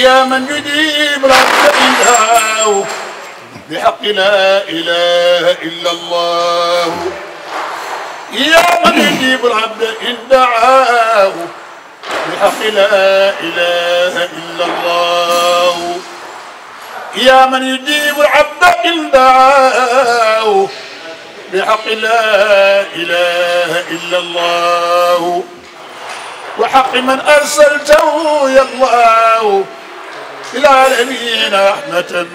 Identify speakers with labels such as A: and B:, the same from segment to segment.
A: يا من يجيب رد الهاو بحق لا إله إلا الله يا من يجيب العبد إن دعاه بحق لا إله إلا الله يا من يجيب العبد إن دعاه بحق لا إله إلا الله وحق من أرسلته يا الله للعالمين رحمة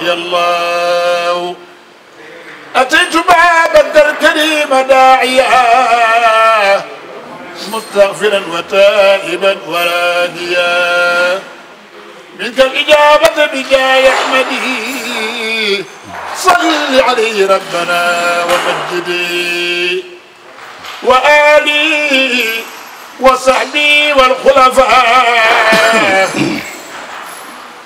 A: يا الله أتيت باب الدر الكريم داعيا مستغفرا وتائبا وراهيا منك الإجابة بجاه أحمده صل عليه ربنا ومجدي وآلي وصحبي والخلفاء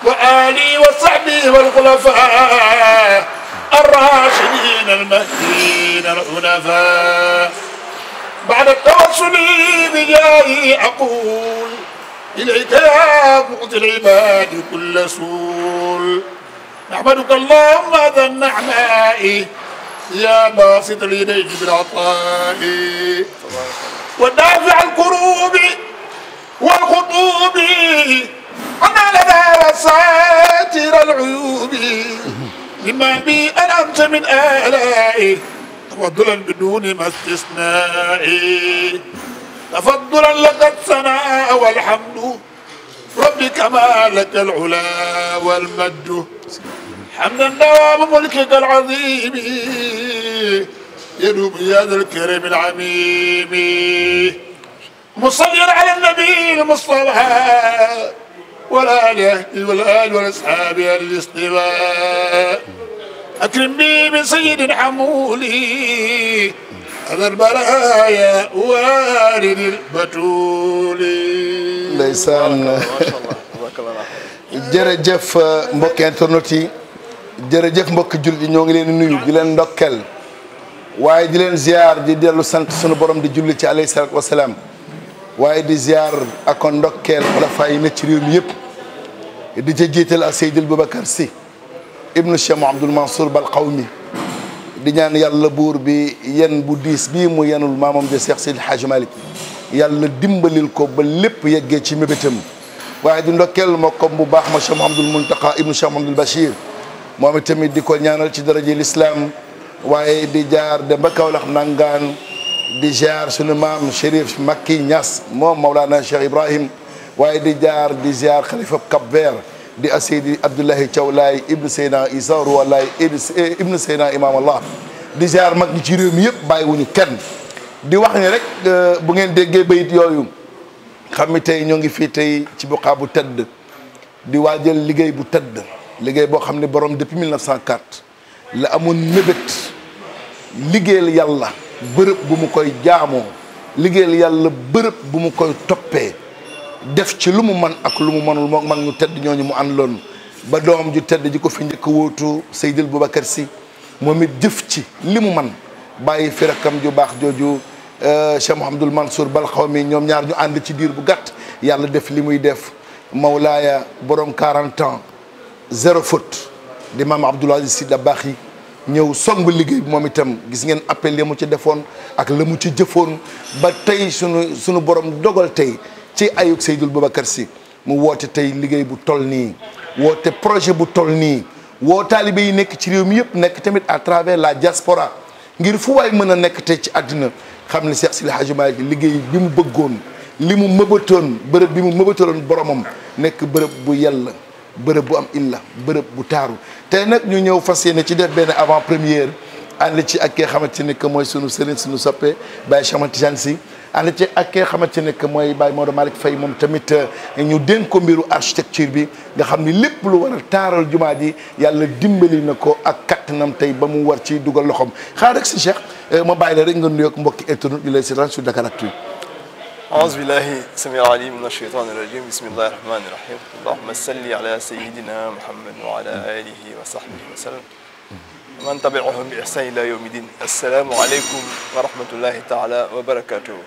A: وآلي وصحبه والخلفاء الراشدين المهديين الحنفاء بعد التوسل بجاهي أقول إليك يا العباد كل سول نحمدك اللهم ذا النعماء يا باسط اليدين بالعطاء ودافع الكروب والخطوب ونالنا ساتر العيوب بما بي أنعمت من آلائي تفضلا بدون ما استثنائي تفضلا لك الثناء والحمد رب كما لك العلا والمجد حمدا دوام ملكك العظيم يدوب يا ذا الكريم العميم مصليا على النبي المصطفى والآل أهدي والآل والأصحاب الاصطفاء أكرم بي من سيد حمولي أبا البرايا والد البتول
B: ndeysaan jërëjëf mbokk internet yi jërëjëf mbokk jullit yi ñoo ngi leen nuyu di leen ndokkel waaye di leen ziar di dellu sant sunu borom di julli ci alayhi salaatu wasalaam waaye di ziar ak ndokkeel xulafa yi ne ci réew mi yëpp di ca jiital ak Seydi Boubacar Sy ibnu Cheikh Abdoul Mansour Bal Qawmi di ñaan yàlla buur bi yen bu diis bii mu yenul maamam ja Cheikh Seydi Hadj Malick yàlla dimbalil ko ba lépp yeggee ci mébétam waaye di ndokkeel ma kom bu baax ma Cheikh Mouhamadoul Mountakha ibnu Cheikh Mouhamadoul Bachir moom itamit di ko ñaanal ci daraje lislaam waaye di jaar dem ba Kaolack nangaan di jaar sunu maam Chérif Makki Niass moom Mawlana Cheikh Ibrahim waaye di jaar di ziar xalifa Cap Vert di aseydi Abdoulahi Thiaw Laay ibnu Seyna Isa Roi Laay ibnu Seyna Imaam Allah di ziar mag ñi ci réew mi yëpp bàyyiwuñu kenn di wax ni rek bu ngeen déggee bayit yooyu xam ni tey ñoo ngi fii tey ci buqaa bu tedd di waajal liggéey bu tedd liggéey boo xam ne borom depuis 1904 la amoon mébét liggéeyal yàlla bërëb bu mu koy jaamoo liggéeyal yàlla bërëb bu mu koy toppee def ci lu mu man ak lu mu manul moo man ñu tedd ñooñu mu àndaloon ba doom ju tedd ji ko fi njëkk wóotu Seydil Boubacar si moom it jëf ci li mu man bàyyi fi ju baax jooju euh, Cheikh Mouhamadul Mansour bal xaw mi ñoom ñaar ñu ànd ci diir bu gàtt yàlla def li muy def Mawlaaya borom 40 ans zéro faute di maam Abdoul Aziz Sy Dabakh ñëw song liggéey bi moom itam gis ngeen appel yi mu ci defoon ak la mu ci jëfoon ba tey sunu sunu borom dogal tey ci ayuk Seydou Boubacar si mu woote tey liggéey bu tol nii woote projet bu tol nii woo taalibe yi nekk ci réew mi yëpp nekk tamit à travers la diaspora ngir fu waay mën a nekk tey ci àddina xam ne si Sidi Hadji Malick liggéey bi mu bëggoon li mu mëbatoon bërëb bi mu mëbatoon boromam nekk bërëb bu yàlla bërëb bu am illa bërëb bu taaru te nag ñu ñëw fas yéene ci def benn avant première ànd ci ak ki nga xamante ni que mooy sunu sëriñ sunu soppe Baye Cheikh Tidiane ànd ci ak ki nga xamante ne que mooy Baye Maodo Malick Faye moom tamit euh, ñu dénk ko mbiru architecture bi nga xam ni lépp lu war a taaral jumaa ji yàlla dimbali na ko ak kattanam tey ba mu war ci dugal loxoom xaar rek si Cheikh euh, ma bàyyi la rek nga nuyoog mbokki internautes yi lay seetaan sur Dakaractu
C: أعوذ بالله السميع العليم من الشيطان الرجيم بسم الله الرحمن الرحيم اللهم صل على سيدنا محمد وعلى آله وصحبه وسلم من تبعهم بإحسان إلى يوم الدين السلام عليكم ورحمة الله تعالى وبركاته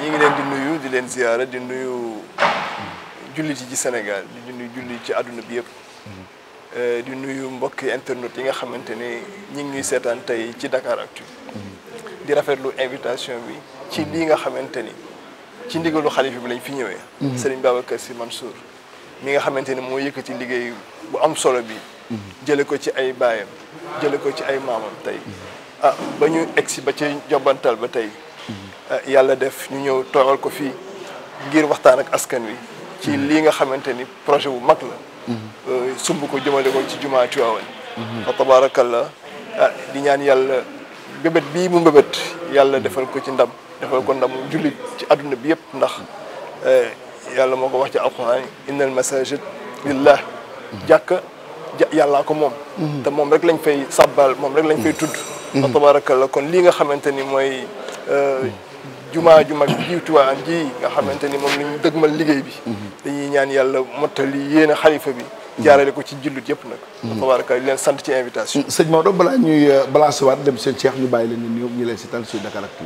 C: نيغي نيو دي لين زياره دي نيو جولي تي سينغال دي نيو جولي تي ادونا بييب ا دي نيو مبوك انترنت ييغا خامتاني نيجي سيتان تاي تي داكار اكتو دي رافيتلو انفيتاسيون بي تي ليغا خامتاني تي نديغلو خليفه بي لا في نيويه سيرين بابكر سي منصور ميغا خامتاني مو ييكتي ليغي بو ام سولو jële ko ci ay baayam jële ko ci ay maamam tey ah ba ñu egsi ba ci jobbantal ba tey ah, yàlla def ñu ñëw toogal ko fii ngir waxtaan ak askan wi ci mm-hmm. lii nga xamante ni projet bu mag la mm-hmm. euh, sumb ko jëmale ko ci jumaa Tiwaawan
D: mm-hmm. fa
C: tabaarakallaa ah, di ñaan yàlla mbébét bii mu mbébét yàlla defal ko ci ndam defal ko ndam jullit ci àdduna bi yëpp ndax eh, yàlla moo ko wax ci alxuraan innal masaajid lillah jàkka yàllaa ko moom mhm. te moom rek lañ fay sàbbal moom rek lañ fay mhm. tudd wa mhm. la kon lii nga xamante ni mooy euh, jumaa ju mag ji Tiwaawan ji nga xamante ni moom la ñu mal liggéey bi dañuy ñaan yàlla mottali yéen a xalifa bi jaarale ko ci jullit yëpp nag wa tabarakalla leen sant ci invitation
B: sëñ Maodo balaa ñuy euh, balancé waat dem seen Cheikh ñu bàyyi leen ñu ñu leen si tal si Dakaractu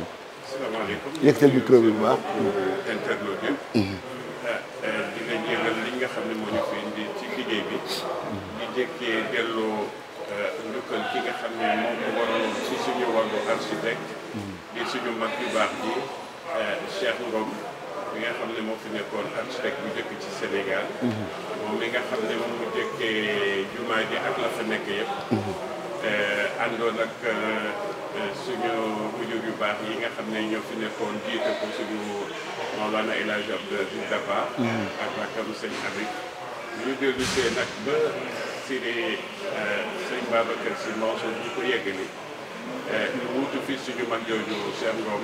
B: yëkkatal micro bi bu
E: Babacar Sy mm-hmm. di suñu mag yu baax bi euh, Cheikh Ngom mi nga xam ne moo fi nekkoon architecte bu njëkk ci Sénégal mm-hmm. moom mi nga xam ne moom mu jëkkee jumaa ji ak la fa nekk yëpp mm-hmm. euh, àndoon ak euh, suñu wujur yu baax yi nga xam ne ñoo fi nekkoon jiite ko suñu Mawlana El Hadj Abdoulaye Daba ak rakkam sëñ Habib ñu dellu see nag ba si di sëñ Babacar Sy Mansour ñu ko yeggali Eh, ñu wutu fi suñu mag jooju seen doom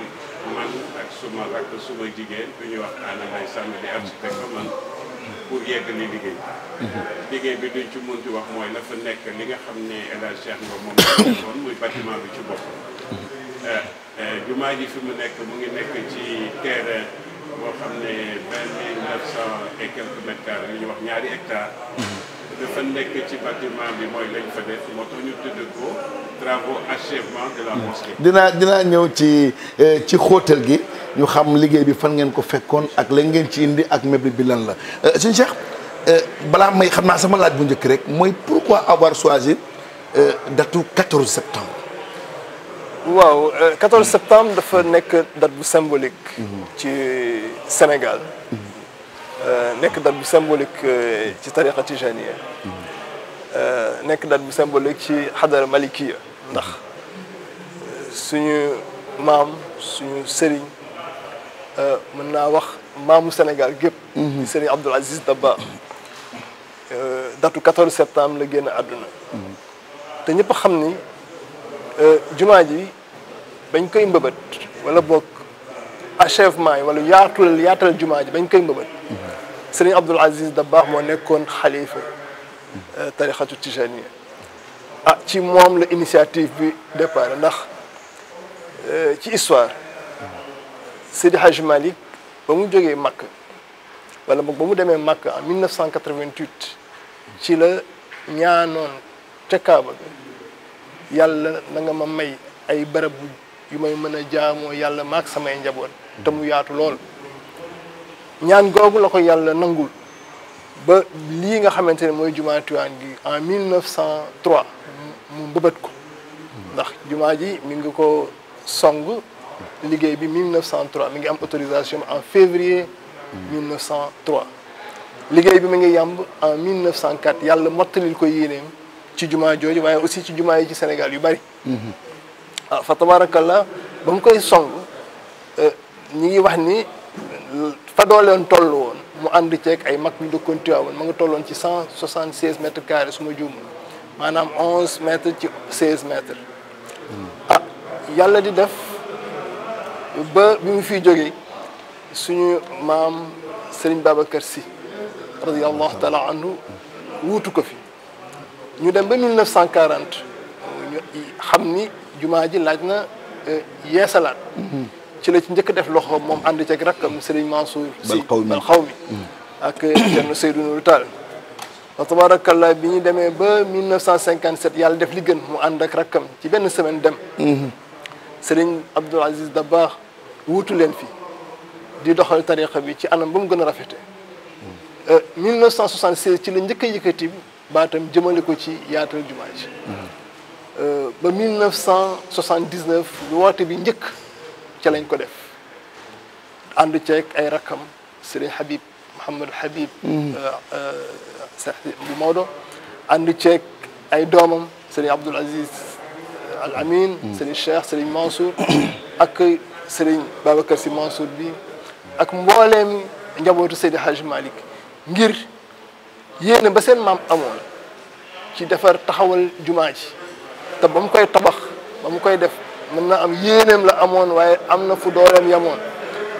E: man ak suma ak suma jigéen bi ñuy waxtaane lay sàmm di architecte man pour yegg li liggéey liggéey bi duñ ci mun ci wax mooy la fa nekk li nga xam ne El Hadj Cheikh Ngom moom la defoon muy bâtiment bi ci boppam eh, eh, jumaa ji fi mu nekk mu ngi nekk ci terrain boo xam ne vingt mille neuf cent et quelques mètres carrés ñu wax ñaari hectares dafa nekk ci bâtiment bi mooy lañ fa def moo tax ñu tudd ko travaux
B: achèvement de la mosquée. Dina, dina, ñëw ci euh, ci hôtel, gi ñu xam liggéey bi fan ngeen ko fekkoon ak la ngeen ci indi ak meuble, bi lan la euh, sëñ Cheikh euh, balaa may xam naa sama laaj bu njëkk rek pourquoi avoir choisi du 14 septembre.
C: waaw 14 septembre dafa nekk date bu symbolique. Mhm. ci Sénégal. Mhm. نقدر بسمبوليك آه، في طريقة تجانية آه، نقدر بسمبوليك في حضارة ملكية نخ نعم. سنو مام سنو سرين آه، منا وقت مام السنغال جيب سرين عبد العزيز دبا داتو 14 سبتمبر لا ген ادنا تي نيب خامني جمعه جي بان كاي مبهت ولا بوك اشيف ماي ولا ياتل ياتل جمعه جي بان كاي مبهت sëriñ Abdoul Aziz Dabakh moo nekkoon xalifa euh, tarixatu tijaniya ah ci moom la initiative bi départ ndax euh, ci histoire Seydi Hadj Malick ba mu jógee Makka wala boog ba mu demee Makka en 1988 ci la ñaanoon ca Kaaba ga yàlla na nga ma may ay barab yu may mën a jaamoo yàlla maak samay njaboot te mu yaatu lool ñaan googu la ko yàlla nangul ba lii nga xamante ne mooy jumaa Tiwaawan gi en 1903 mu mbëbët ko ndax jumaa ji mi ngi ko song liggéey bi 1903 mi ngi am autorisation en février 1903 liggéey bi mu ngi yàmb en 1904 yàlla mottalil ko yéeneem ci jumaa jooju waaye aussi ci jumaa yi ci Sénégal yu bari mhm. ah fa tabarakallah ba mu koy song euh, ñi ngi wax ni fa dooleen toll woon mu ànd ceek ay mag ñu dëkkoon Tivaouane mu nga tolloon ci cent soixante seize mètres carrés su ma juumul maanaam onze mètres ci seize mètres hmm. ah yàlla di def ba bi mu fiy jógee suñu maam Serigne Babacar Sy radiallahu taala anhu wuutu ko fi ñu dem ba 1940 ñu xam ni jumaa ji laaj na eh, yeesalaat hmm. ci la ci ñëk def loxo mom ànd ci rek rakkam Serigne Mansour bal qawmi bal qawmi ak jenn Seydou Nourou tal tabarakallah bi ñu demee ba 1957 yàlla def li gën mu ànd ak rakam ci ben semaine dem Serigne abdou Aziz Dabakh wutu len fi di doxal tariqa bi ci anam bu mu gëna a rafete 1976 ci la ñëk yëkëti batam jëmele ko ci yaatal jumaa ji ba 1979 lu woote bi ñëk لين كدف عند تيك أي رقم سري حبيب محمد حبيب سعد بمودو عند تيك أي دوم سري عبد العزيز الأمين سري الشيخ سري منصور أك سري بابكر سري منصور بي أك مولم جابوتو سيدي حاج مالك غير يين بسن مام امول شي دفر تخول جماعي تبام كاي طبخ بام كاي دفر mën na am yéeneem la amoon waaye am na fu dooleem yamoon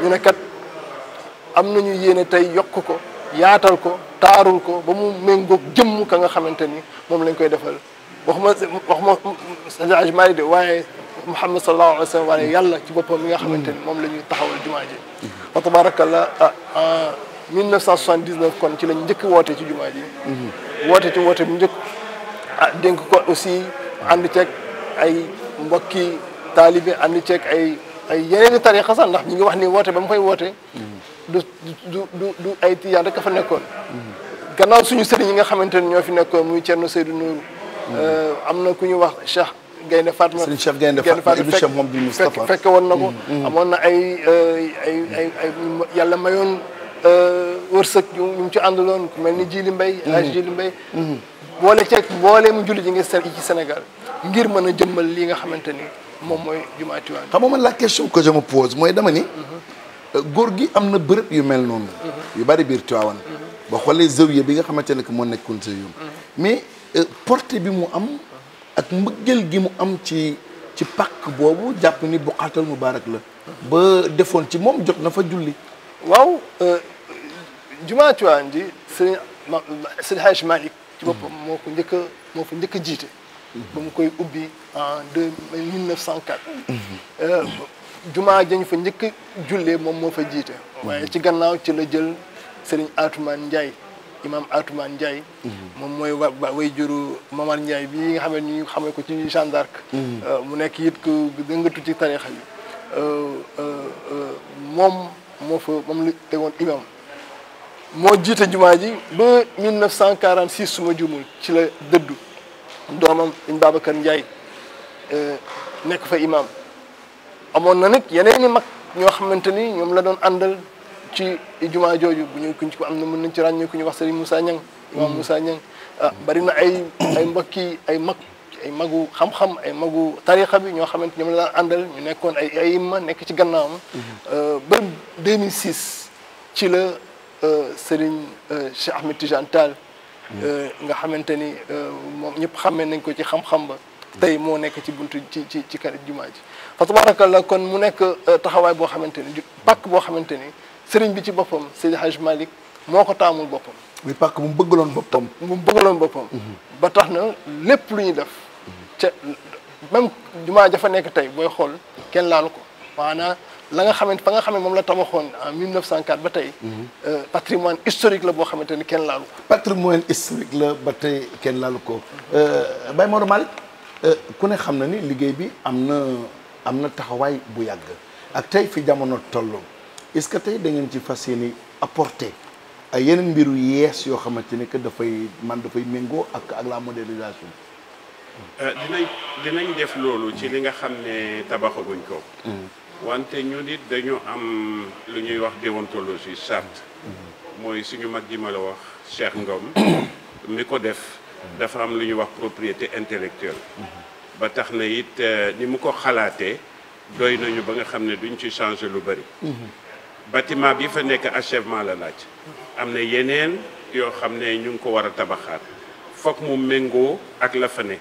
C: ñu ne kat am nañu yéene tey yokk ko yaatal ko taarul ko ba mu méngoog jëmm ka nga xamante ni moom lañ koy defal waxuma waxuma Seydi Maalik de waaye Muhammad sallallahu alayhi wa sallam waaye yàlla ci boppam mi nga xamante ni moom la ñuy taxawal jumaa ji mm-hmm. fa tabarakallah ah 1979 ah, kon ci lañ njëkk woote ci jumaa ji
D: mm-hmm.
C: woote ci woote bu njëkk ah, dénk ko aussi ah. ànd ceeg ay mbokki taalibe ànd ceeg ay ay yeneen i tarixa ndax ñi ngi wax ni woote ba mu koy woote du du ay tiyaan rek a fa nekkoon gannaaw suñu sëriñ yi nga xamante ne ñoo fi nekkoon muy Thierno Seydou Nourou euh, am na ku ñuy wax Cheikh Gaynde Fatma sëriñ Cheikh Gaynde Fatma ibnu Cheikh Mouhamadou Moustapha fekke woon na ko mm, mm. amoon na ay euh, ay ay ay yàlla mayoon euh, wërsëg ñu ñu ci àndaloon ku mel ni Djili Mbaye Hadj Djili mm. Mbaye boole ceeg boole mu jullit yi ngi ci Sénégal ngir mën a jëmmal lii nga xamante ni moom mooy jumaa Tiwaawan xam
B: nga man la question que je me pose mooy dama ni góor gi am na bërëb yu mel noonu yu bari biir Tiwaawan boo xoolee zawiya bi nga xamante ne que moo nekkoon zawiya mais euh, portée bi mu am ak mbëggeel gi mu am ci
C: ci pàkk boobu jàpp ni buqaatal mubaarak la ba defoon ci moom jot na fa julli waaw euh, jumaa Tiwaawan ji sëñ sëñ Hajj Malick ci boppam moo ko njëkk moo ko njëkk a jiite ba mu koy ubbi en deux euh, jumaa jañ fa njëkk jullee moom moo fa jiite waaye ci gannaaw ci la jël sëriñ Atoumane Ndiaye imam Atoumane Ndiaye moom mooy wa way juru Mamar Ndiaye bi nga xam ne ñu xamee ko ci Jeanne d'Arc euh, mu nekk yit ku dëngatu ci tarixa yi euh, moom moo fa moom la tegoon imam moo jiite jumaa ji ba 1946 su ma juumul ci la dëddu doomam sëñ Babacar Ndiaye eh, nekk fa imam amoon na nag yeneen i mag ñoo xamante ni ñoom la doon àndal ci jumaa jooju bu ñu kuñ ci ko am na mën nañ ci ràññee ku ñu wax Serigne Moussa Niang imam Moussa Niang ah, bari na ay ay mbokki ay mag ay magu xam-xam ay magu tarixa bi ñoo xamante ñoom la daan àndal ñu nekkoon ay ay imma nekk ci gannaawam mhm. eh, ba 2006 ci la eh, Serigne Cheikh Ahmed Tidiane Tall Eh, nga xamante ni eh, moom ñëpp xammee nañ ko ci xam-xam ba tey moo nekk ci buntu ci ci ci kër jumaa ji fa tabarakallah kon mu nekk eh, taxawaay boo xamante ni pàkk boo xamante ni sëriñ bi ci boppam Seydi Hajj Malick moo ko taamul muy pàkk mu bëggaloon boppam mu bëggaloon boppam mhm. ba tax na lépp def nekk la nga xamante fa nga xam ne moom la tabaxoon en 1904 ba tey. Mhm. Euh, patrimoine historique la boo xamante ni kenn laalu ko.
B: patrimoine historique la ba tey kenn laalu ko euh, Baye Maodo Malick euh, ku ne xam na ni liggéey bi am na am na taxawaay bu yàgg ak tey fi jamono toll est-ce que tey da ngeen ci fas yéene apporter ay yeneen mbiru yees yoo xamante ni que dafay man dafay méngoo ak ak la modernisation.
E: dinañ dinañ def loolu ci li nga xam ne tabaxaguñ ko. Mhm. wante ñun it dañu am lu ñuy wax déontologie charte mooy suñu mag ji ma la wax Cheikh Ngom mi ko def dafa am lu ñuy wax propriété intellectuelle ba tax na it euh, ni mu ko xalaatee doy nañu ba nga xam ne duñ ci changer lu bëri bâtiment bi fa nekk achèvement la laaj am na yeneen yoo ñu ko war a tabaxaat mu mengo ak la fa nekk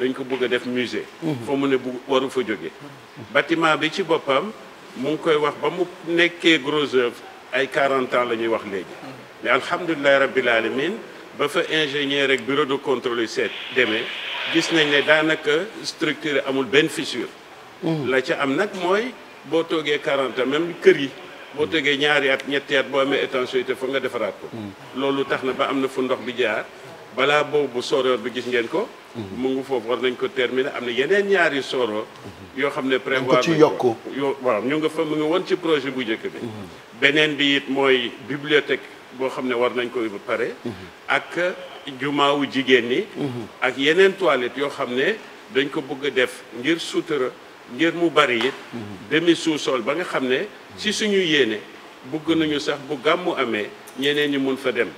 E: dañ ko bëgg a def musée. Mhm. fa mu ne bu waru fa jóge bâtiment bi ci boppam mu ngi koy wax ba mu nekkee gros œuvre ay 40 ans la ñuy wax léegi. Mhm. mais alhamdulilah rabbil alamin ba fa ingénieur rek bureau de contrôle yu seet demee gis nañ ne daanaka structure amul benn fissure. Mhm. la ca am nag mooy boo toogee 40 ans même kër yi. boo toogee ñaari yaat ñetti at boo amee étanchéité fa nga defaraat ko. loolu tax na ba am na fu ndox bi jaar. balaa boobu sooroor bi gis ngeen ko. mu ngi foofu war nañ ko terminer am na yeneen ñaari sooroor. yoo xam ne prévoir ko ci yokk yoo waaw ñu nga fa mu ngi woon ci projet bu njëkk bi. beneen bi it mooy bibliothèque boo xam ne war nañ ko ba pare. ak jumaawu jigéen ñi. ak yeneen toilette yoo xam ne dañ ko bëgg a def ngir sutura ngir mu bari it. demi sous-sol ba nga xam ne. ci suñu yéene bugg nañu sax bu gàmmu amee ñeneen ñi mun fa dem.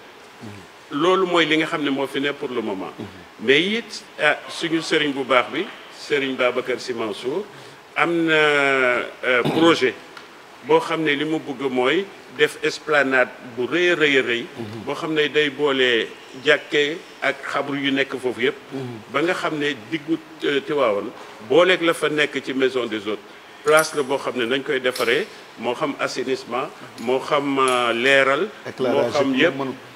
E: loolu moy li nga xam mo moo fi ne pour le moment mhm. mais it ah suñu serigne bu baax bi serigne Babacar Sy Mansour amna na euh, projet bo xam li mu bëgg moy def esplanade bu rëy a rëy bo rëy mhm. day bolé jàkke ak xabru yu nekk fofu yëpp mhm. ba nga xam ne diggu euh, Tiwaawan booleeg la fa nekk ci maison des autres place la bo xam nañ koy défaré mo xam assainissement mo xam euh, léral mo xam yëpp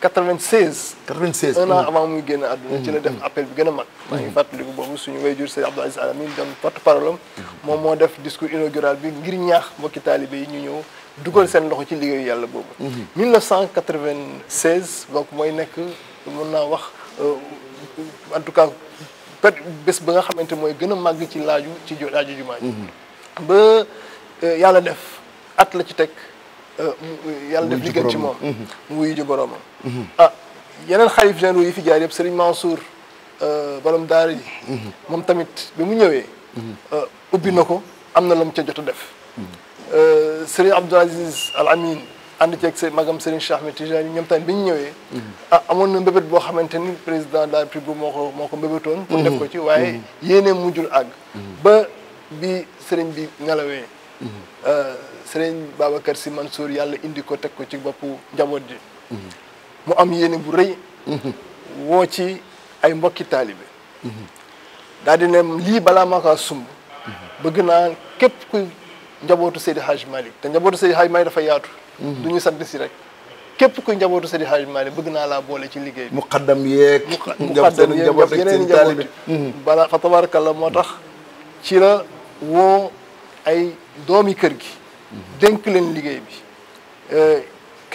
C: 96. 96 un an muy génn àdduna ci la def mm-hmm. appel bi gën a mag. Mm-hmm. maa ngi fàttaliku boobu suñu wayjur Seydi Abdou Aziz Al Amine doon porte parole mm-hmm. moom moo def discours inaugural bi ngir ñaax mbokki taalibe yi ñu ñëw dugal seen loxo ci liggéeyu yàlla boobu. 1996 donc mooy nekk mun naa wax euh, en tout cas peut bés ba nga xamante mooy gën a màgg ci laaju ci laaju jumaa ji ba euh, yàlla def at la ci teg. Euh, yàlla def li ci moom. muy ji boroomam. ah yeneen xalif généraux yi fi jaar yëpp Serigne Mansour borom daara ji moom tamit bi mu ñëwee ubbi na ko am na la mu ca jot a def Serigne Abdoul Aziz Al Amin ànd ceeg seen magam Serigne Cheikh Ahmed Tijani ñoom tamit bi ñu ñëwee ah amoon na mbébét boo xamante ni président de la République moo ko moo ko mbébétoon pour def ko ci waaye yéenee mujjul àgg ba bi sëriñ bi ngelawee sëriñ Babacar Sy Mansour yàlla indi ko teg ko ci boppu njaboot ji mu am yéene bu rëy woo ci ay mbokki taalibe daal di ne lii balaa maa kaa sumb bëgg naa Kep ku njabootu Seydi Hadj Malick te njabootu Seydi Hadj Malick dafa yaatu du sant si rek képp ku njabootu Seydi Hadj Malick bëgg naa laa boole ci liggéey mu xaddam yeeg muxaddam yeeg yeneen njaboot balaa fa tabarakallah moo ci la woo ay doomi kër gi dénk leen liggéey bi euh,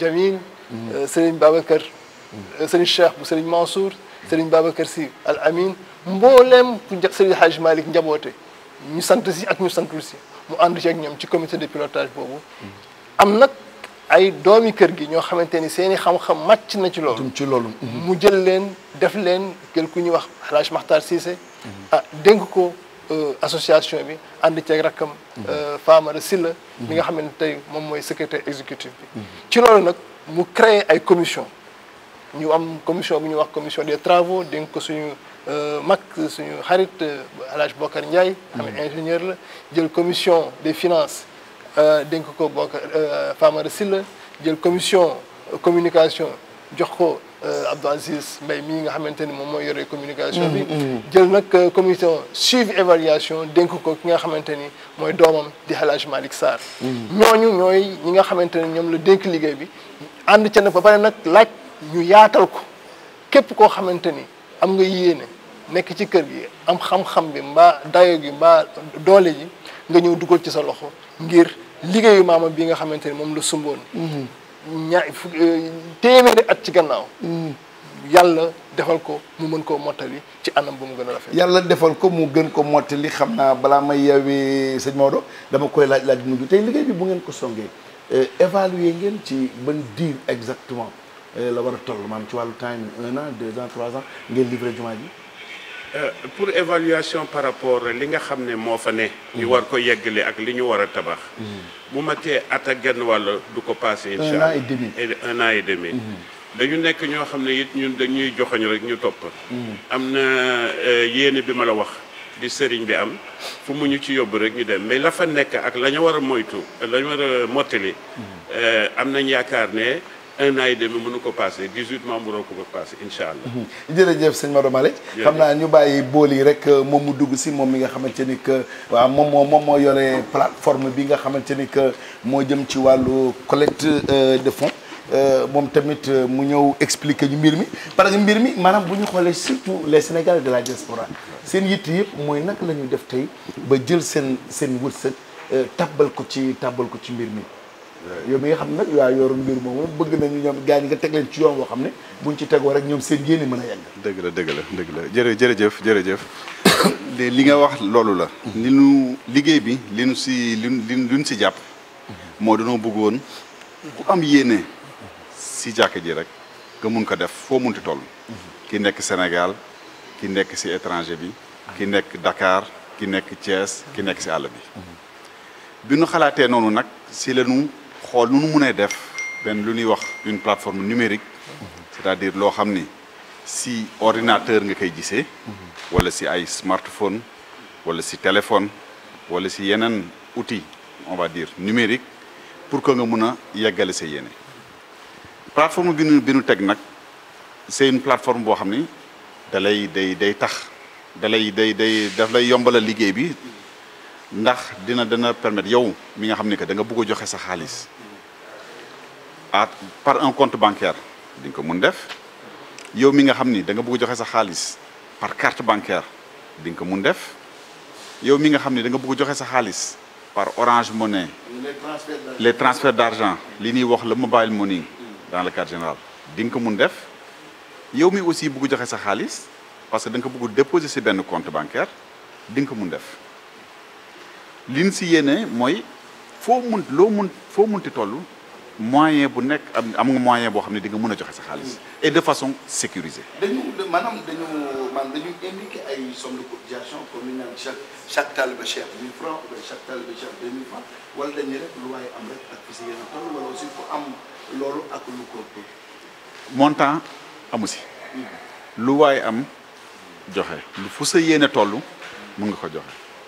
C: جميل سليم Babacar Serigne Cheikh bu Serigne Mansour Serigne Babacar Sy Al Amin mbooleem ku njab Serigne Hadj Malick njaboote ñu sant si ak ñu santul si mu ànd ci ak ñoom ci comité de pilotage boobu am nag ay doomi kër gi ñoo xamante ni xam-xam màcc na ci loolu ci loolu mu jël leen def leen jël ku ñuy wax Alhaji Makhtar Cissé ah dénk ko Euh, association bi ànd ceeg comme mhm. euh, Famara Sylla mhm. mi nga xamné tay mom moy secrétaire exécutif bi. ci lolu nak mu créer ay commission ñu am commission bi ñu wax commission des travaux dénk ko suñu euh, mag suñu xarit alage Bokar Ndiaye. Mhm. am ingénieur la jël commission des finances dénk ko Bokar Famara Sylla jël commission communication jox ko. Euh, Abdou Aziz Mbaye mii nga xamante ni moom mooy yore communication bi mm, mm. jël nag euh, comité suivi évaluation dénk ko ki nga xamante ni mooy doomam di El Hadj Malick Sarr mm. ñooñu ñooy ñi nga xamante ne ñoom la dénk liggéey bi ànd ca nag ba pare nag laaj ñu yaatal ko képp koo xamante ni am nga yéene nekk ci kër gi am xam-xam bi mbaa dayo gi mbaa doole ji nga ñëw dugal ci sa loxo ngir liggéeyu maama bi nga xamante ni moom la sumboon mm-hmm. ña eh, téeméeri at ci gannaaw. Hmm. yàlla defal ko mu mën koo mottali ci anam bu mu gën a rafet.
B: yàlla defal ko mu gën ko mottali xam naa balaa may yeewee sëñ Maodo dama koy laaj laaj mujj tey liggéey bi bu ngeen ko songee eh, évaluer ngeen ci ban diir exactement eh, la war a toll maanaam ci wàllu temps un an deux ans trois ans ngeen livré jumaa
E: Euh, pour évaluation par rapport li nga xamné mo fa né ñu war ko yeggale ak li ñu war tabax. bu matee at ak genn wàll du ko passer inshallah allah un an et demi
D: mm-hmm.
E: dañu nek ño xamné yit ñun dañuy joxoñ rek ñu top mm-hmm. amna euh, yéene bi ma la wax di sëriñ bi am fu mu ñu ci yóbbu rek ñu dem mais la fa nek ak lañu wara moytu lañu wara moteli a mottali. Mm-hmm. Euh, am nañ un an et demi mënu ko passé 18 mois mënoo ko passé incha allah.
B: Mhm. jërëjëf sëñ Maodo Malick. xam naa ñu bàyyi bool yi rek euh, moom mu dugg si moom mi nga xamante ni que waaw moom moo moom moo yore plateforme bi nga xamante ni que moo jëm ci wàllu collecte euh, de fonds. Euh, moom tamit mu ñëw expliquer ñu mbir mi parce que mbir mi maanaam bu ñu xoolee surtout les sénégal de la diaspora seen yitt yëpp mooy naka la ñuy def tey ba jël seen seen wërsëg tàbbal ko ci tàbbal ko ci mbir mi. yow mi nga xam nag yaa yoroon mbir moomu bëgg nañu ñoom gaa ñi nga teg leen ci yoon boo xam ne buñ ci tegoo rek ñoom seen yéene mën a yegg.
F: dëgg la dëgg la dëgg la jërë jërëjëf jërëjëf li nga wax loolu la. li nu liggéey bi li nu si li nu si jàpp moo danoo bëggoon ku am yéene si jàkk ji rek nga mun ko def foo ti toll. ki nekk Sénégal ki nekk si étranger bi. ki nekk Dakar ki nekk Thiès ki nekk si àll bi. bi nu xalaatee noonu nag si la xool nu mu une plateforme numérique c'est-à-dire lo si ordinateur nga si smartphone téléphone wala si outils outil on va dire numérique pour que nga a sa plateforme bi c'est une plateforme qui est dalay ndax dina dana permettre yow mi nga xamni que da nga bëgg joxe sa xaliss par un compte bancaire di ko mun def yow mi nga xamni da nga bëgg joxe sa xaliss par carte bancaire di ko mun def yow mi nga xamni da nga bëgg joxe sa xaliss par Orange Money
B: les transferts d'argent
F: li ni wax le mobile money dans le cadre général di ko mun def yow mi aussi bëgg joxe sa xaliss parce que da nga ko bëgg déposer ci benn compte bancaire di ko mun def li ñu si yéene mooy foo mun loo mun foo munti moyen bu nek am nga moyen bo xam ne di nga mën joxe sa xaliss et de façon sécurisée.
B: dañu manam dañu man dañu indiquer ay somme de cotisation comme ni chaque chaque talibé cheikh 1000 francs wala chaque talibé cheikh 2000 francs wala dañuy rek lu way am rek ak fi si yéene toll wala aussi ku am lolu ak lu ko
F: montant amu si hmm. lu way am joxe lu fu sa yéene toll mun nga ko joxe.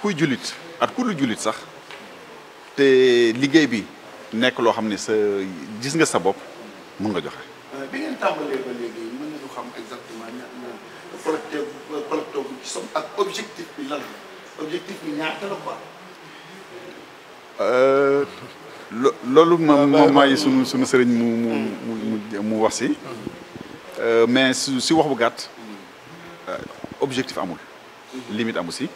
F: kuy julit ak ku lu jullit sax té liggéey bi nek lo xam ne sa gis nga sa bopp mën nga joxe.
B: Euh, bi ngeen tambalé ba léegi mën nañu xam exactement ñaata projet projet bu ci somme ak objectif bi lan objectif bi ñaata la quoi.
E: Euh,
F: lo loolu moom moom mooy sunu sunu sëriñ mu mu hmm. mu mu wax si. Euh, mais si wax bu gatt hmm. objectif amul. Hmm. limite am aussi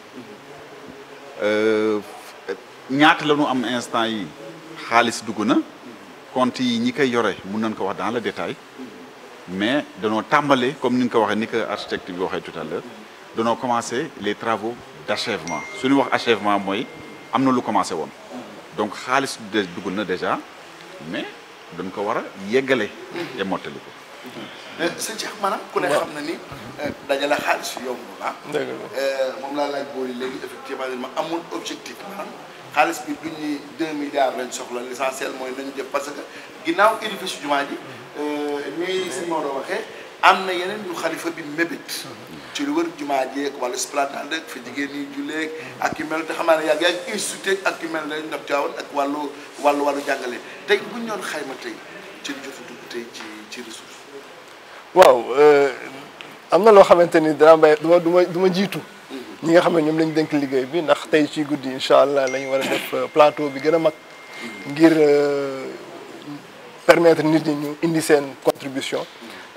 F: euh, ñaata la ñu am instant yi xaalis duguna compte yi ñi koy yoré mun nañ ko wax dans le détail mais danoo tambalé comme ni nga ko waxee ni ko architecte bi waxee tout à l'heure danoo commencé les travaux d'achèvement su ñu wax achèvement moy amna lu commencé won donc xaalis duguna déjà mais dañ ko wara a et morteliko mottali ko
B: Euh, sëñ Cheikh maanaam ku ne xam na ni euh, dajale xaalis yomb la euh, moom laa laaj boori léegi effectivement ma amul objectif maanaam xaalis bi du ñuy deux milliards lañ soxla l'essentiel mooy nañ jëf parce que ginnaaw édifice jumaa ji nii si Maodo waxee am na yeneen yu xalifa bi mébét ci lu wër jumaa jeeg wala esplanade fi jigéen ñi julleeg ak yu mel te xamaa naa ne yàgg yàgg institut ak yu mel ne ndox caawoon ak wàllu wàllu wàllu jàngale tey bu ñu doon xayma tey ci lu jot tey ci ci ressource
C: waaw am na loo xamante ni dinaa mbay duma duma du ma jiitu ñi nga xam ne ñoom lañ dénk liggéey bi ndax tey ci guddi incha allah lañ war a def plateau bi gën mag ngir permettre nit ñi ñu indi sen contribution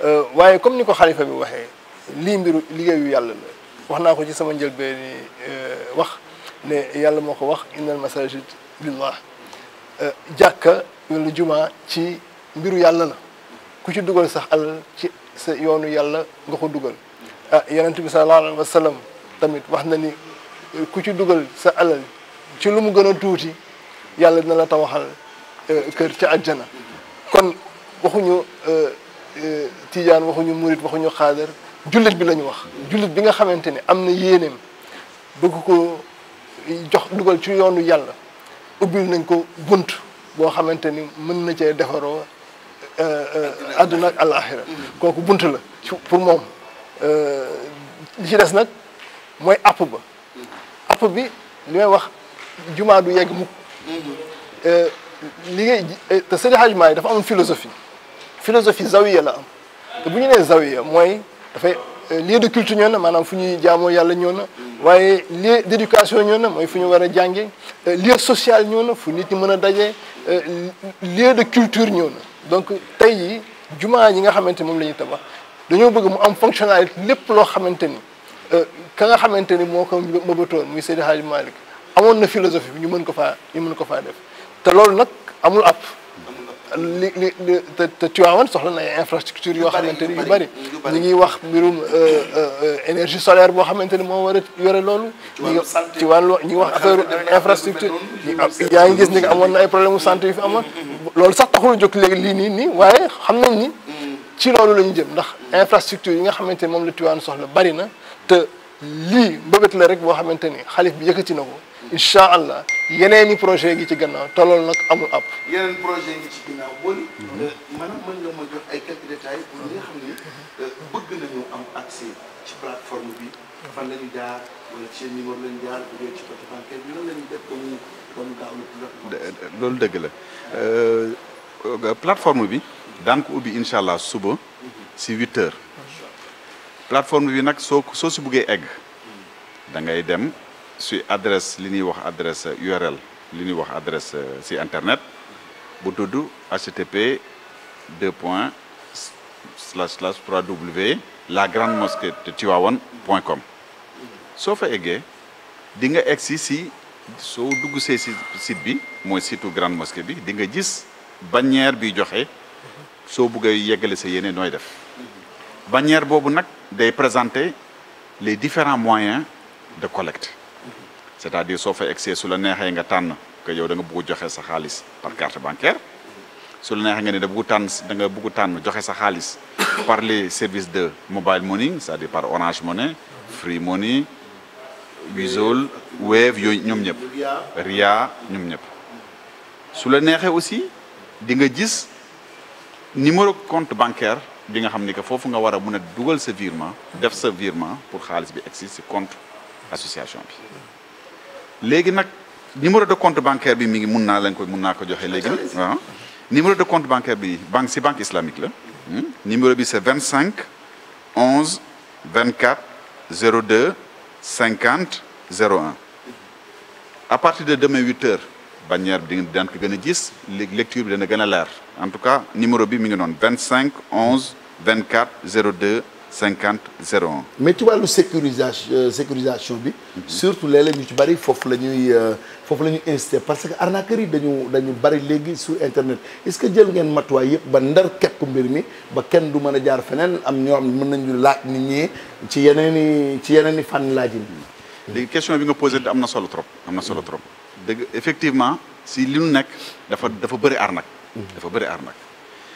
C: euh waye comme niko khalifa bi waxe li mbiru yu yàlla la waxna ko ci sama be ni euh wax ne yàlla moko wax innal masajid lillah jàkka wala juma ci mbiru yàlla la ku ci duggal sax al ci sa yoonu yàlla nga ko dugal ah yonent bi sallallahu alayhi wa sallam tamit wax na ni ku ci dugal sa alal ci lu mu gën a tuuti yàlla dina la tawaxal kër ci àjjana kon waxuñu tijaan waxuñu murit waxuñu xaadar jullit bi la ñu wax jullit bi nga xamante ne am na yéeneem bëgg ko jox dugal ci yoonu yàlla ubbil nañ ko bunt boo xamante ni mën na cee defaroo Euh, euh, àdduna ak àllaaxira kooku bunt la pour moom euh, li ci des nag mooy app ba app bi li may wax jumaa du yegg mukk li ngay te Seydi Hadji Malick dafa am philosophie philosophie zawiya la am te bu ñu nee zawiya mooy dafay lieu de culte ñoo na maanaam fu ñuy jaamoo yàlla ñoo na waaye lieu d' éducation ñoo na mooy fu ñu war a jànge lieu sociale ñoo na fu nit ñi mën a daje lieu de culture ñoo na donc tey yi jumaa yi nga xamante ni moom la ñuy tabax dañoo bëgg mu am fonctionnalité lépp loo xamante ni euh, ka nga xamante ni moo ko mëbatoon muy Seydi Hadji Malick amoon na philosophie bi ñu mën ko faa ñu mën ko faa def te loolu nag amul app li li te te Tivaouane soxla na ay infrastructures yoo xamante ni yu bëri ñu ngi wax mbirum énergie solaire boo xamante ni moo war a yore loolu ñu ngi ci wàllu ñu ngi wax affaire infrastructure yaa ngi gis ni amoon na ay problème mu santé yu fi amoon loolu sax taxul jóg léegi lii nii nii waaye xam nañ ni ci loolu la ñu jëm ndax infrastructure yi nga xamante ni moom la Tivaouane soxla bëri na te lii mbëbët la rek boo xamante ni xalif bi yëkkati na ko Insya allah yeneen i projet ngi ci gannaaw amul app
B: yeneen projet ngi ci gannaaw booli euh, maanaam mën nga ma jox ay quelques détails pour nga euh, bëgg nañu am accès ci plateforme bi fan la jaar wala ci numéro la jaar bu dee ci côté bancaire bi lan def mu
F: gaaw la euh, plateforme bi daan allah suba siwiter, huit heures plateforme bi nak so, so si buggee egg da ngay dem sur adresse li adresse URL li euh, internet http 2. slash slash w la grande mosquée de Tivaouane site bi grande mosquée bi di nga bannière bi bannière les différents moyens de collecte c'est-à-dire soo fa egsee su la neexee nga tànn que yow da nga bugg joxe sa xaalis par carte bancaire su la neexee nga ne da da nga sa par les services de mobile money c'est-à-dire par Orange Money Free Money Wizall Wave yooyu ñoom ñëpp Ria ñoom ñëpp su la neexee aussi di nga gis numéro compte bancaire bi nga xam ni que foofu nga war a mën sa virement def sa virement pour bi egsi si compte association bi Le numéro de compte bancaire bi numéro de compte bancaire banque banque islamique hmm? numéro c'est 25 11 24 02 50 01 à partir de demain 8 heures bannière di lecture bi en tout cas numéro bi 25 11 24 02 50 01.
B: mais vois le euh, sécurisation sécurisation mhm. surtout les du tu bari euh, parce que dañu dañu bari sur internet est-ce que jël ngeen matuwaay yeb ba ndar kep mbir ba du jaar am nañu ñi ci ci mhm.
F: question bi nga poser amna solo trop. solo mhm. trop effectivement si li dafa dafa arnaque.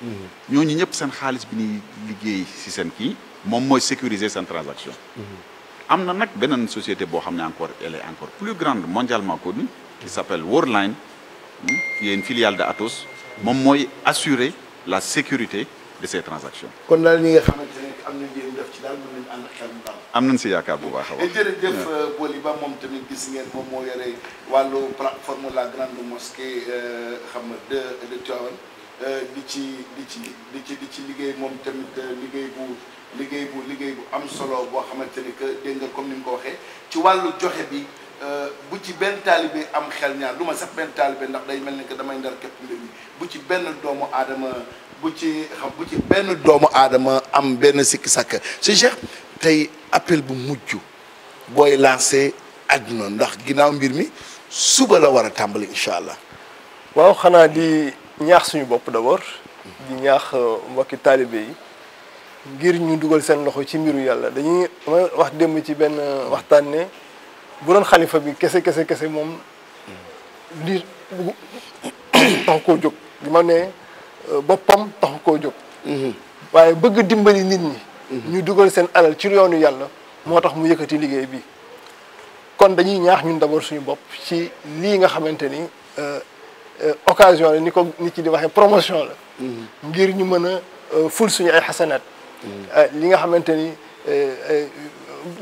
F: Mmh. ñooñu ñëpp sen xaliss bi ni liggéey ci sen ki mom moy sécuriser seen transaction mmh. amna nak benen société bo xam encore elle est encore plus grande mondialement connue qui s'appelle Worldline
B: mmh,
F: qui est une filiale de Atos mom moy assurer la sécurité de ces transactions.
B: kon dal ni nga xamantene amna am def ci dal mën nañu ànd ak xel mu daal.
F: am nañu si bu baax jere def jërëjëf
B: euh, ba mom tamit gis ngeen mom mo yore walu plateforme la grande mosquée euh, xam nga de de Tivaouane. Euh, di ci di ci di ci ci liggéey moom tamit euh, liggéey bu liggéey bu liggéey bu am solo boo xamante ni que dégg comme ni nga ko waxee ci wàllu joxe bi euh, bu ci benn taalibe am xel ñaar du ma sax benn taalibe ndax day mel ni que damay ndar képp mbir mi bu ci benn doomu aadama bu ci xam bu ci benn doomu aadama am benn sikki sàkk si jeex tey appel bu mujj booy lancé àdduna ndax
C: ginnaaw mbir mi suba la war a tàmbali incha allah. waaw xanaa di. ñaax suñu bopp d'abord di ñaax euh, mbokki taalibe yi ngir ñu dugal seen loxo ci mbiru yàlla dañuy wax démb ci benn euh, waxtaan ne bu doon xalifa bi kese kese kese moom li tax koo jóg li ma ne euh, boppam taxu koo jóg mhm. waaye bëgg dimbali nit ñi mhm. ñu dugal seen alal ci yoonu yàlla moo tax mu yëkkati liggéey bi kon dañuy ñaax ñun d'abord suñu bopp ci lii nga xamante ni Euh, occasion la ni ko nit ci di waxee promotion la mm-hmm. ngir ñu mën a euh, ful suñu ay xasanaat mm-hmm. euh, li nga xamante ni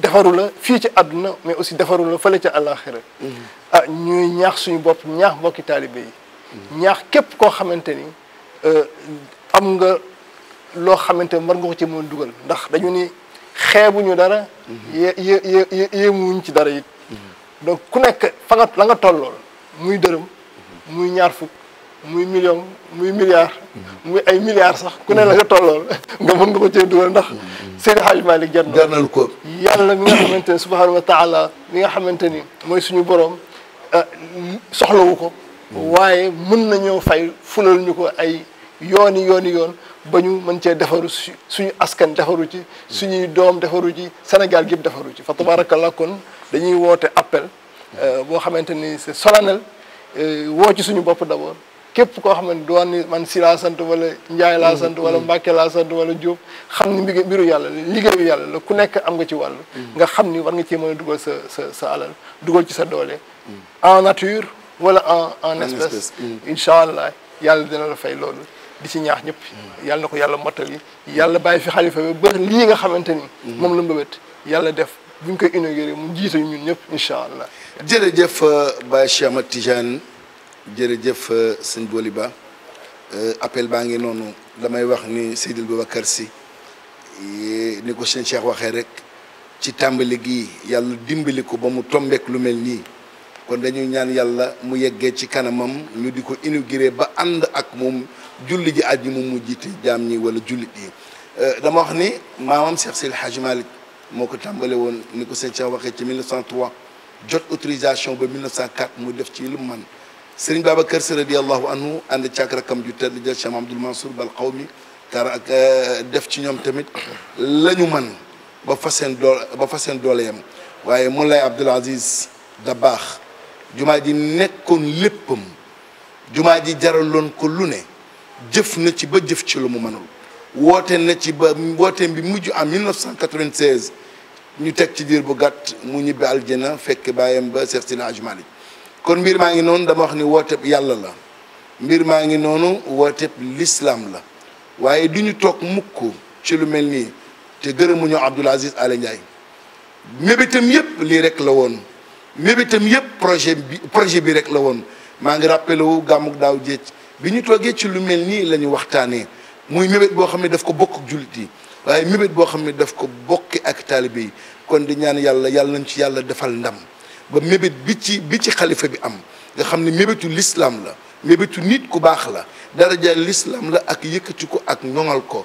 C: defaru la fii ci àdduna mais aussi defaru la fële ca àllaaxira mm-hmm. ah ñuy ñaax suñu bopp ñaax mbokki taalibe
D: yi
C: ñaax képp koo xamante ni am nga loo xamante mën nga ko ci mën dugal ndax dañu ni xeebuñu dara yé yé yé yéemuwuñ ci dara it donc ku nekk fa nga la nga tollool muy dërëm muy ñaar fukk muy million muy milliard muy ay milliards sax ku ne la nga tollool nga mën nga ko cee dugal ndax Seydi Hadji Malick jar na ko yàlla mi nga xamante ne subhaanahu wa taala mi nga xamante ni mooy suñu borom ah, soxlawu ko waaye mën nañoo fay fulal ñu ko ay yooni yooni yoon ba ñu mën cee defaru suñu askan defaru ci suñuy doom defaru ci Sénégal gépp defaru ci fa tabarakallah kon dañuy woote appel eh, boo xamante ni c'est solennel Eh, woo ci suñu bopp d'abord képp koo xam ne doon man si mm-hmm. laa sant wala njaay laa sant wala mbàkke laa sant wala jóob xam ni mbir mbiru yàlla liggéeyu yàlla la ku nekk am nga ci wàll mm-hmm. nga xam ni war nga cee mën a dugal sa sa sa alal dugal ci sa doole mm-hmm. en nature wala en en incha allah yàlla dina la fay loolu di ci ñaax ñëpp yàlla na ko yàlla mottal yi yàlla bàyyi fi xalifa bi ba lii nga xamante ni moom la mbëbët yàlla def bu ñu koy inauguré mu jiite ñun ñëpp incha allah.
B: jërëjëf euh, Baye Cheikh Ahmad Tidiane jërëjëf euh, sëñ Boliba euh, appel baa ngi noonu damay wax ni Seydil Babacar Sy ni ko sëñ Cheikh waxee rek ci tàmbali gi yàlla dimbali ko ba mu tombeek lu mel nii kon dañuy ñaan yàlla mu yeggee ci kanamam ñu di ko inauguré ba ànd ak moom julli at àjjuma mu jiite jaam ñi wala jullit yi dama wax ni maamam Cheikh Seydil Hadji Malick moko tàmbale won ni ko sëñ Cheikh waxee ci 1903 jot autorisation ba 1904 mu def ci lu man sëriñ Babacar Sy radiyallahu anhu ànd càkk rakam ju tedd jël Cheikh Abdoul Mansour bal qawmi tar ak def ci ñom tamit lañu man ba fassen seen ba fassen doleyam waye Moulay Abdoul Aziz Dabakh juma di nekkon léppam juma di jaralon ko lu ne jëf na ci ba jëf ci lu mu manul woote na ci ba wooteem bi mujj en 1996 ñu teg ci diir bu gàtt mu ñibbi aljana fekk bàyyam ba Seex Sidi Aj Maalik kon mbir maa ngi noonu dama wax ni wooteb yàlla la mbir maa ngi noonu wooteb lislaam la waaye du ñu toog mukk ci lu mel nii te gërëmuñu Abdoul Aziz Aly Ndiaye mébétam yëpp lii rek la woon mébétam yëpp projet bi projet bi rek la woon maa ngi rappelé wu gàmmuk daaw jéej bi ñu toogee ci lu mel nii la ñu waxtaanee muy mébét boo xam ne daf ko bokk ak jullit yi waaye mébét boo xam ne daf ko bokki ak taalibe yi kon di ñaan yàlla yàlla nañ ci yàlla defal ndam ba mébét bi ci bi ci xalifa bi am nga xam ne mébétu lislaam la mébétu nit ku baax la daraja lislaam la ak yëkkati ko ak ñoŋal ko